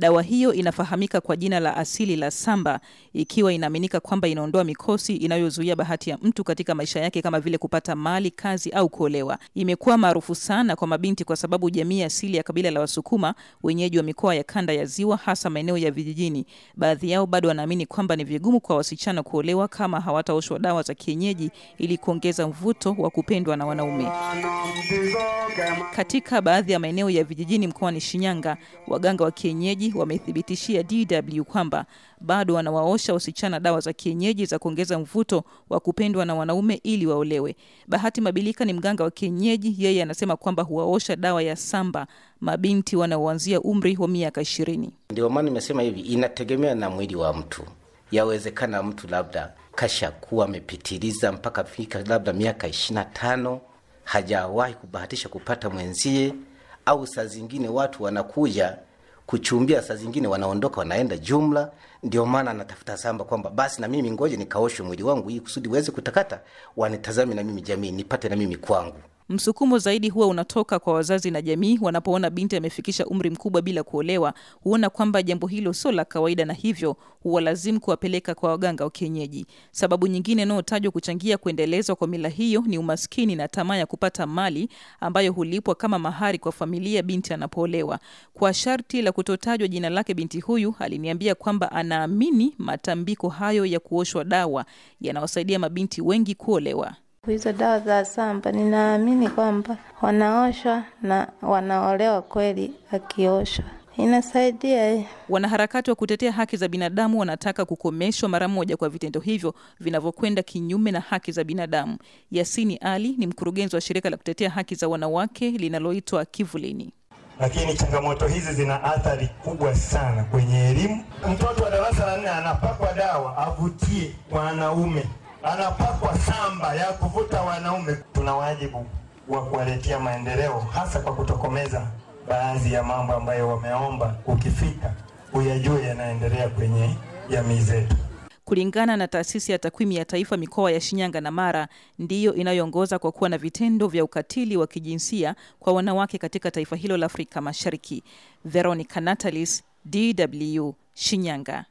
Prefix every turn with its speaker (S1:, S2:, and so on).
S1: Dawa hiyo inafahamika kwa jina la asili la samba, ikiwa inaaminika kwamba inaondoa mikosi inayozuia bahati ya mtu katika maisha yake kama vile kupata mali, kazi au kuolewa. Imekuwa maarufu sana kwa mabinti kwa sababu jamii asili ya kabila la Wasukuma, wenyeji wa mikoa ya kanda ya Ziwa, hasa maeneo ya vijijini, baadhi yao bado wanaamini kwamba ni vigumu kwa wasichana kuolewa kama hawataoshwa dawa za kienyeji ili kuongeza mvuto wa kupendwa na wanaume. Katika baadhi ya maeneo ya vijijini mkoani Shinyanga, waganga wa kienyeji wamethibitishia DW kwamba bado wanawaosha wasichana dawa za kienyeji za kuongeza mvuto wa kupendwa na wanaume ili waolewe. Bahati Mabilika ni mganga wa kienyeji. Yeye anasema kwamba huwaosha dawa ya samba mabinti wanaoanzia umri wa miaka ishirini.
S2: Ndio maana nimesema hivi, inategemea na mwili wa mtu. Yawezekana mtu labda kasha kuwa amepitiliza mpaka fika labda miaka ishirini na tano hajawahi kubahatisha kupata mwenzie, au saa zingine watu wanakuja kuchumbia, saa zingine wanaondoka wanaenda jumla. Ndio maana anatafuta samba kwamba basi na mimi ngoje nikaoshe mwili wangu, ili kusudi weze kutakata, wanitazame na mimi jamii, nipate na mimi kwangu. Msukumo
S1: zaidi huwa unatoka kwa wazazi na jamii. Wanapoona binti amefikisha umri mkubwa bila kuolewa, huona kwamba jambo hilo sio la kawaida, na hivyo huwalazimu kuwapeleka kwa waganga wa kienyeji. Sababu nyingine inayotajwa kuchangia kuendelezwa kwa mila hiyo ni umaskini na tamaa ya kupata mali ambayo hulipwa kama mahari kwa familia binti anapoolewa. Kwa sharti la kutotajwa jina lake, binti huyu aliniambia kwamba anaamini matambiko hayo ya kuoshwa dawa yanawasaidia mabinti wengi kuolewa hizo dawa za samba, ninaamini kwamba wanaoshwa na wanaolewa kweli akioshwa inasaidia. Eh. Wanaharakati wa kutetea haki za binadamu wanataka kukomeshwa mara moja kwa vitendo hivyo vinavyokwenda kinyume na haki za binadamu. Yasini Ali ni mkurugenzi wa shirika la kutetea haki za wanawake linaloitwa Kivulini.
S3: Lakini changamoto hizi zina athari kubwa sana kwenye elimu. Mtoto wa darasa la nne anapakwa dawa avutie wanaume anapakwa samba ya kuvuta wanaume. Tuna wajibu wa kuwaletea maendeleo, hasa kwa kutokomeza baadhi ya mambo ambayo wameomba, ukifika uyajue yanaendelea kwenye jamii zetu.
S1: Kulingana na taasisi ya takwimu ya taifa, mikoa ya Shinyanga na Mara ndiyo inayoongoza kwa kuwa na vitendo vya ukatili wa kijinsia kwa wanawake katika taifa hilo la Afrika Mashariki. Veronica Natalis, DW, Shinyanga.